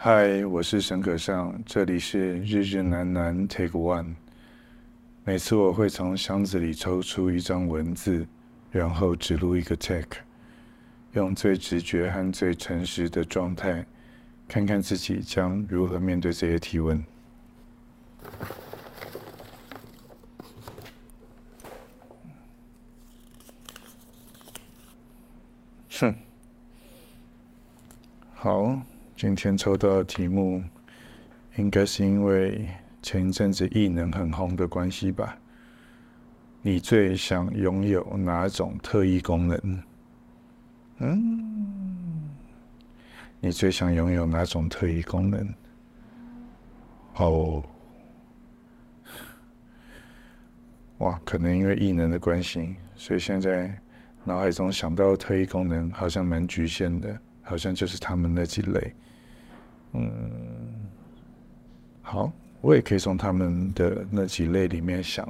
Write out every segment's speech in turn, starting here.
嗨，Hi, 我是沈可尚，這裡是日日難難 Take One。每次我會從箱子裡抽出一張文字，然後只錄一個 Take，用最直覺和最誠實的狀態，看看自己將如何面對這些提問。哼，好。今天抽到的題目，應該是因為前一陣子異能很紅的關係吧？你最想擁有哪種特異功能？嗯，你最想擁有哪種特異功能？哦，哇，可能因為異能的關係，所以現在腦海中想到特異功能好像蠻侷限的，好像就是他們那幾類。嗯，好，我也可以從他們的那幾類裡面想，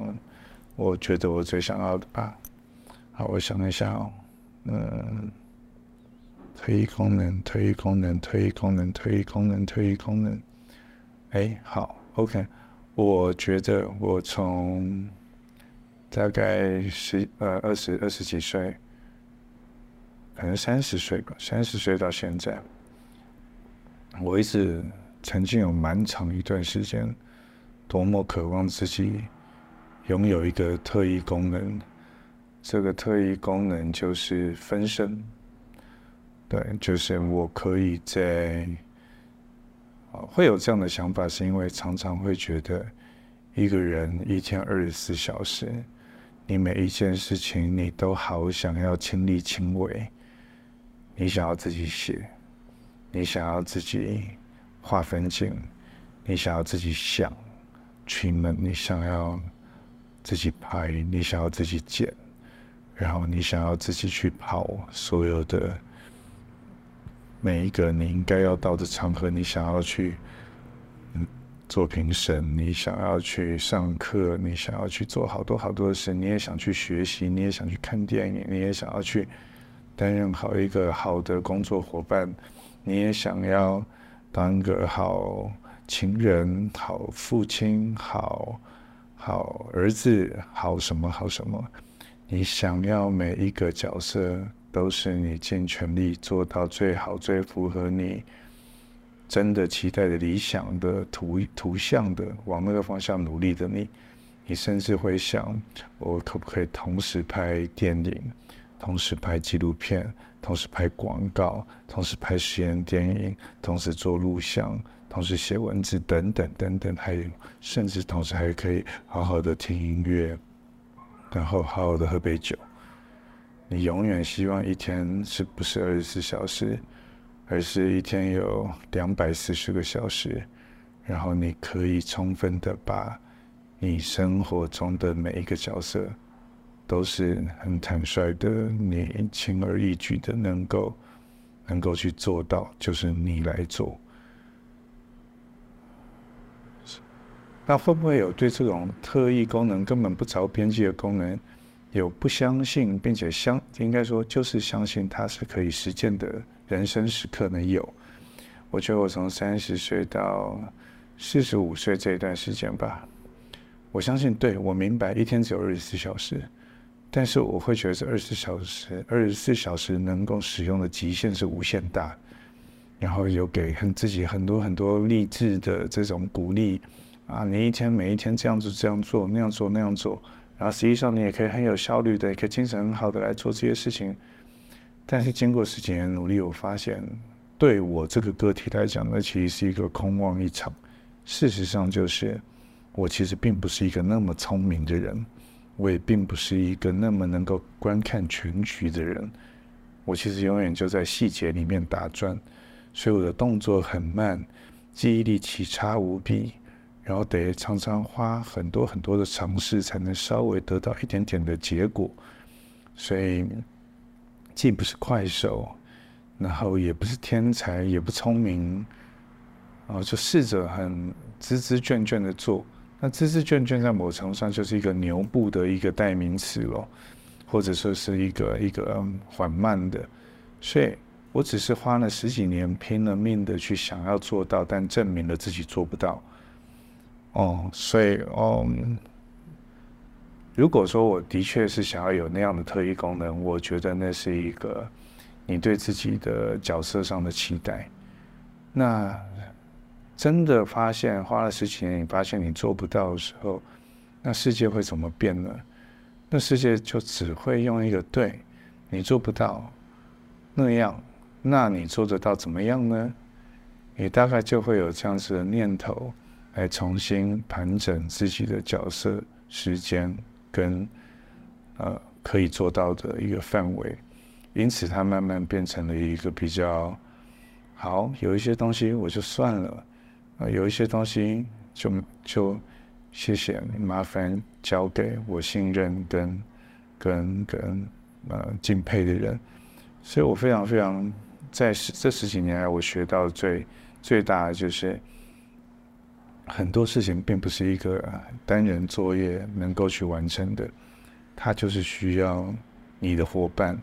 我覺得我最想要的吧。好，我想一下哦，嗯，特異功能，特異功能，特異功能，特異功能，特異功能。哎，好，OK，我覺得我從大概十呃二十二十幾歲，可能三十歲吧，三十歲到現在。我一直曾經有蠻長一段時間，多麼渴望自己擁有一個特異功能。這個特異功能就是分身。對，就是我可以在，會有這樣的想法，是因為常常會覺得一個人一天二十四小時，你每一件事情你都好想要親力親為，你想要自己寫。你想要自己畫分鏡，你想要自己想，treatment，你想要自己拍，你想要自己剪，然後你想要自己去跑所有的每一個你應該要到的場合，你想要去做評審，你想要去上課，你想要去做好多好多的事，你也想去學習，你也想去看電影，你也想要去擔任好一個好的工作夥伴。你也想要當一個好情人、好父親、好好兒子、好什麼好什麼。你想要每一個角色都是你盡全力做到最好、最符合你真的期待的理想的圖圖像的，往那個方向努力的你。你甚至會想，我可不可以同時拍電影，同時拍紀錄片？同時拍廣告，同時拍實驗電影，同時做錄像，同時寫文字等等，等等等等，還有甚至同時還可以好好的聽音樂，然後好好的喝杯酒。你永遠希望一天是不是二十四小時，而是一天有兩百四十個小時，然後你可以充分的把你生活中的每一個角色。都是很坦率的，你輕而易舉的能夠能夠去做到，就是你來做。那會不會有對這種特異功能根本不着邊際的功能有不相信，並且相應該說就是相信它是可以實踐的人生時刻呢？有，我覺得我從三十歲到四十五歲這一段時間吧，我相信，對，我明白，一天只有二十四小時。但是我會覺得這二十四小時，二十四小時能夠使用的極限是無限大。然後有給很自己很多很多勵志的這種鼓勵啊，你一天每一天這樣子這樣做那樣做那樣做，然後實際上你也可以很有效率的，也可以精神很好的來做這些事情。但是經過十幾年努力，我發現對我這個個體來講，那其實是一個空望一場。事實上，就是我其實並不是一個那麼聰明的人。我也並不是一個那麼能夠觀看全局的人，我其實永遠就在細節裡面打轉，所以我的動作很慢，記憶力奇差無比，然後得常常花很多很多的嘗試才能稍微得到一點點的結果，所以既不是快手，然後也不是天才，也不聰明，然後就試着很孜孜眷眷眷的做。那孜孜卷卷在某程度上就是一個牛步的一個代名詞嘍，或者說是一個一個緩慢的。所以我只是花了十幾年，拼了命的去想要做到，但證明了自己做不到。哦，所以哦，如果說我的確是想要有那樣的特異功能，我覺得那是一個你對自己的角色上的期待。那。真的發現花了十幾年，你發現你做不到的時候，那世界會怎麼變呢？那世界就只會用一個“對”，你做不到那樣，那你做得到怎麼樣呢？你大概就會有這樣子的念頭，來重新盤整自己的角色、時間跟呃可以做到的一個範圍。因此，它慢慢變成了一個比較，好，有一些東西我就算了。啊，有一些東西就就謝謝，麻煩交給我信任跟跟跟呃敬佩的人，所以我非常非常在這十幾年來，我學到最最大的就是很多事情並不是一個單人作業能夠去完成的，它就是需要你的伙伴，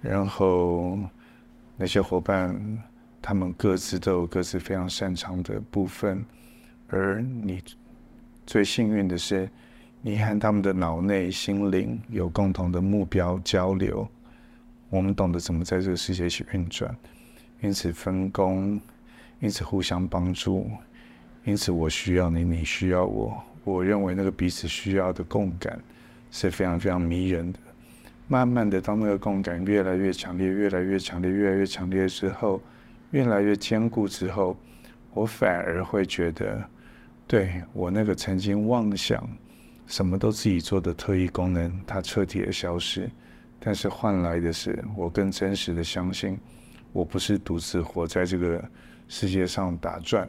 然後那些伙伴。他們各自都有各自非常擅長的部分，而你最幸運的是，你和他們的腦內心靈有共同的目標交流。我們懂得怎麼在這個世界去運轉，因此分工，因此互相幫助，因此我需要你，你需要我。我認為那個彼此需要的共感是非常非常迷人的。慢慢的，當那個共感越來越強烈，越來越強烈，越來越強烈之後。越來越堅固之後，我反而會覺得，對，我那個曾經妄想什麼都自己做的特異功能，它徹底的消失。但是換來的是，我更真實的相信，我不是獨自活在這個世界上打轉，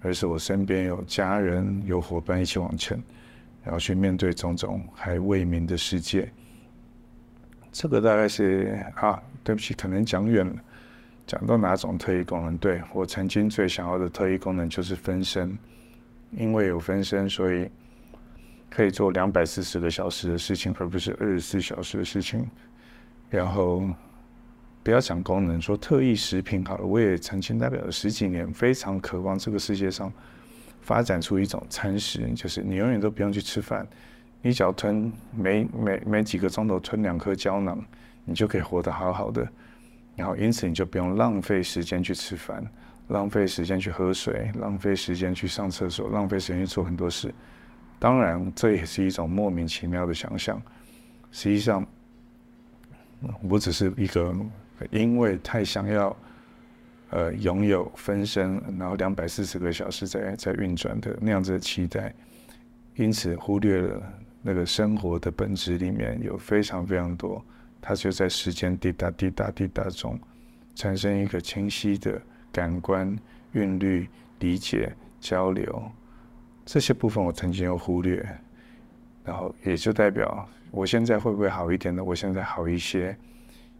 而是我身邊有家人、有夥伴一起往前，然後去面對種種還未明的世界。這個大概是啊，對不起，可能講遠了。講到哪種特異功能？對，我曾經最想要的特異功能就是分身，因為有分身，所以可以做兩百四十個小時的事情，而不是二十四小時的事情。然後不要講功能，說特異食品好了，我也曾經代表了十幾年，非常渴望這個世界上發展出一種餐食，就是你永遠都不用去吃飯，你只要吞每每每幾個鐘頭吞兩顆膠囊，你就可以活得好好的。然後，因此，你就不用浪費時間去吃飯，浪費時間去喝水，浪費時間去上廁所，浪費時間去做很多事。當然，這也是一種莫名其妙的想象。實際上，我只是一個因為太想要呃擁有分身，然後兩百四十個小時在在運轉的那樣子的期待，因此忽略了那個生活的本質裡面有非常非常多。它就在時間滴答滴答滴答中，產生一個清晰的感官韻律理解交流，這些部分我曾經有忽略，然後也就代表我現在會不會好一點呢？我現在好一些，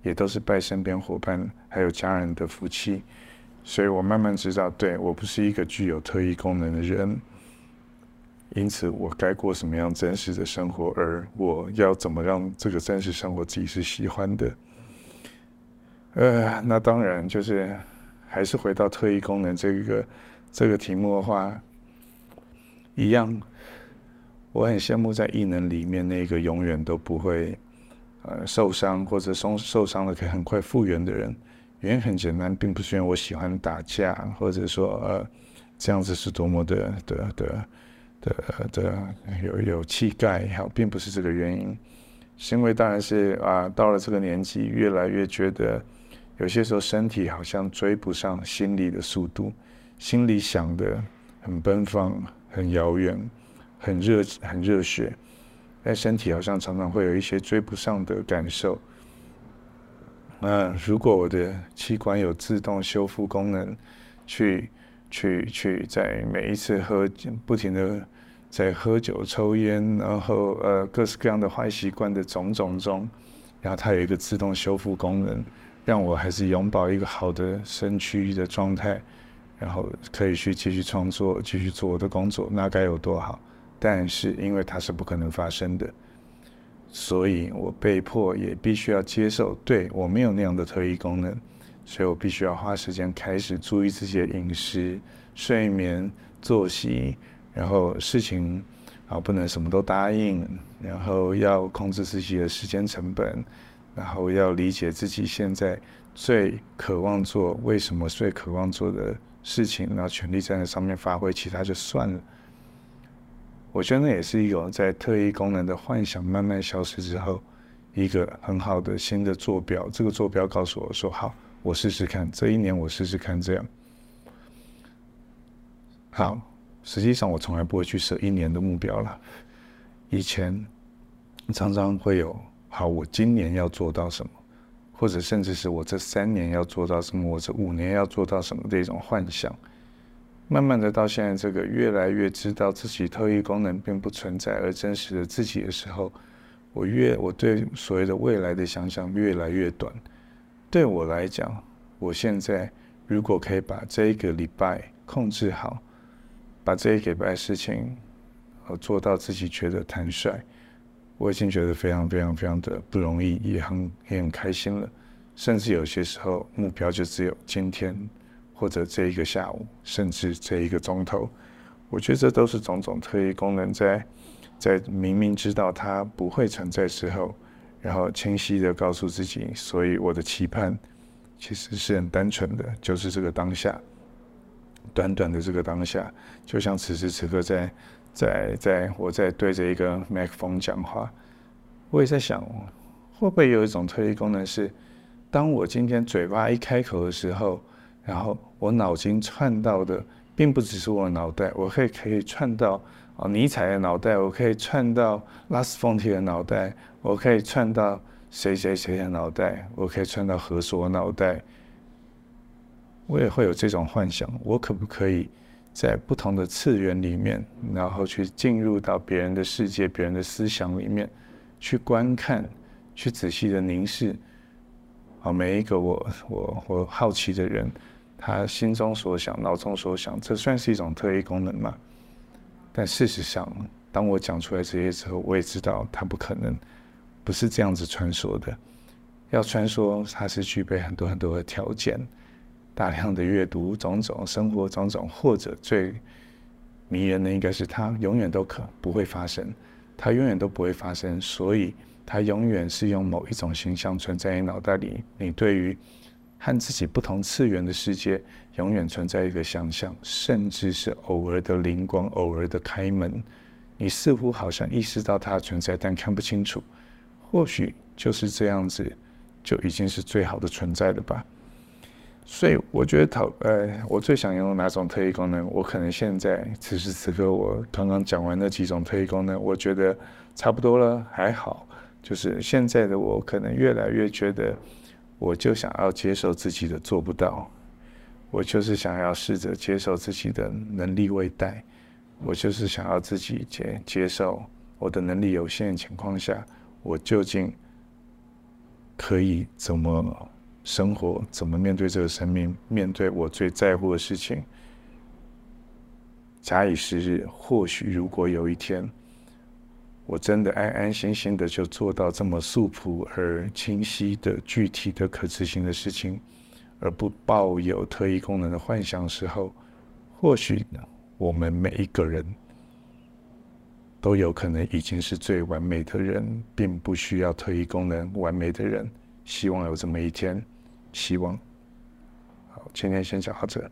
也都是拜身邊夥伴還有家人的福氣，所以我慢慢知道，對，我不是一個具有特異功能的人。因此，我該過什麼樣真實的生活？而我要怎麼讓這個真實生活自己是喜歡的？呃，那當然就是還是回到特異功能這個這個題目的話，一樣，我很羨慕在異能裡面那個永遠都不會呃受傷或者受受傷了可以很快復原的人。原因很簡單，並不是因為我喜歡打架，或者說呃這樣子是多麼的的的。的的有有氣概，也並不是這個原因，是因為當然是啊，到了這個年紀，越來越覺得有些時候身體好像追不上心裡的速度，心裡想的很奔放、很遙遠、很熱、很熱血，但身體好像常常會有一些追不上的感受。那如果我的器官有自動修復功能，去。去去，在每一次喝，不停的在喝酒抽煙，然後呃各式各樣的壞習慣的種種中，然後它有一個自動修復功能，讓我還是擁抱一個好的身軀的狀態，然後可以去繼續創作，繼續做我的工作，那該有多好！但是因為它是不可能發生的，所以我被迫也必須要接受，對，我沒有那樣的特異功能。所以我必須要花時間開始注意自己的飲食、睡眠、作息，然後事情啊不能什麼都答應，然後要控制自己的時間成本，然後要理解自己現在最渴望做為什麼最渴望做的事情，然後全力在那上面發揮，其他就算了。我覺得那也是一個在特異功能的幻想慢慢消失之後，一個很好的新的坐標。這個坐標告訴我說好。我試試看，這一年我試試看這樣。好，實際上我從來不會去設一年的目標了。以前常常會有“好，我今年要做到什麼”，或者甚至是我這三年要做到什麼，我這五年要做到什麼的一種幻想。慢慢的到現在，這個越來越知道自己特異功能並不存在，而真實的自己的時候，我越，我對所謂的未來的想象越來越短。對我來講，我現在如果可以把這一個禮拜控制好，把這一個禮拜事情，呃做到自己覺得坦率，我已經覺得非常非常非常的不容易，也很也很開心了。甚至有些時候，目標就只有今天，或者這一個下午，甚至這一個鐘頭。我覺得這都是種種特異功能在，在明明知道它不會存在的時候。然後清晰地告訴自己，所以我的期盼其實是很單純的，就是這個當下，短短的這個當下，就像此時此刻在在在，在我在對着一個麥克風講話，我也在想，會不會有一種特異功能是，當我今天嘴巴一開口的時候，然後我腦筋串到的，並不只是我的腦袋，我會可，可以串到。哦，尼采的腦袋，我可以穿到拉斯馮提的腦袋，我可以穿到誰誰誰的腦袋，我可以穿到何所的腦袋。我也會有這種幻想，我可不可以在不同的次元裡面，然後去進入到別人的世界、別人的思想裡面，去觀看，去仔細的凝視。好，每一個我我我好奇的人，他心中所想、腦中所想，這算是一種特異功能嗎？但事實上，當我講出來這些之後，我也知道它不可能，不是這樣子穿梭的。要穿梭，它是具備很多很多的條件，大量的閱讀，種種生活，種種，或者最迷人的應該是它永遠都可不會發生，它永遠都不會發生，所以它永遠是用某一種形象存在你腦袋裡。你對於。和自己不同次元的世界永遠存在一個想象，甚至是偶爾的靈光、偶爾的開門。你似乎好像意識到它的存在，但看不清楚。或許就是這樣子，就已經是最好的存在了吧。所以我覺得討……呃、欸，我最想用哪種特異功能？我可能現在此時此刻，我剛剛講完那幾種特異功能，我覺得差不多了，還好。就是現在的我，可能越來越覺得。我就想要接受自己的做不到，我就是想要試着接受自己的能力未逮，我就是想要自己接接受我的能力有限的情況下，我究竟可以怎麼生活，怎麼面對這個生命，面對我最在乎的事情。假以時日，或許如果有一天。我真的安安心心的就做到這麼素樸而清晰的、具體的、可執行的事情，而不抱有特異功能的幻想時候，或許我們每一個人都有可能已經是最完美的人，並不需要特異功能。完美的人，希望有這麼一天。希望。好，今天先講到這。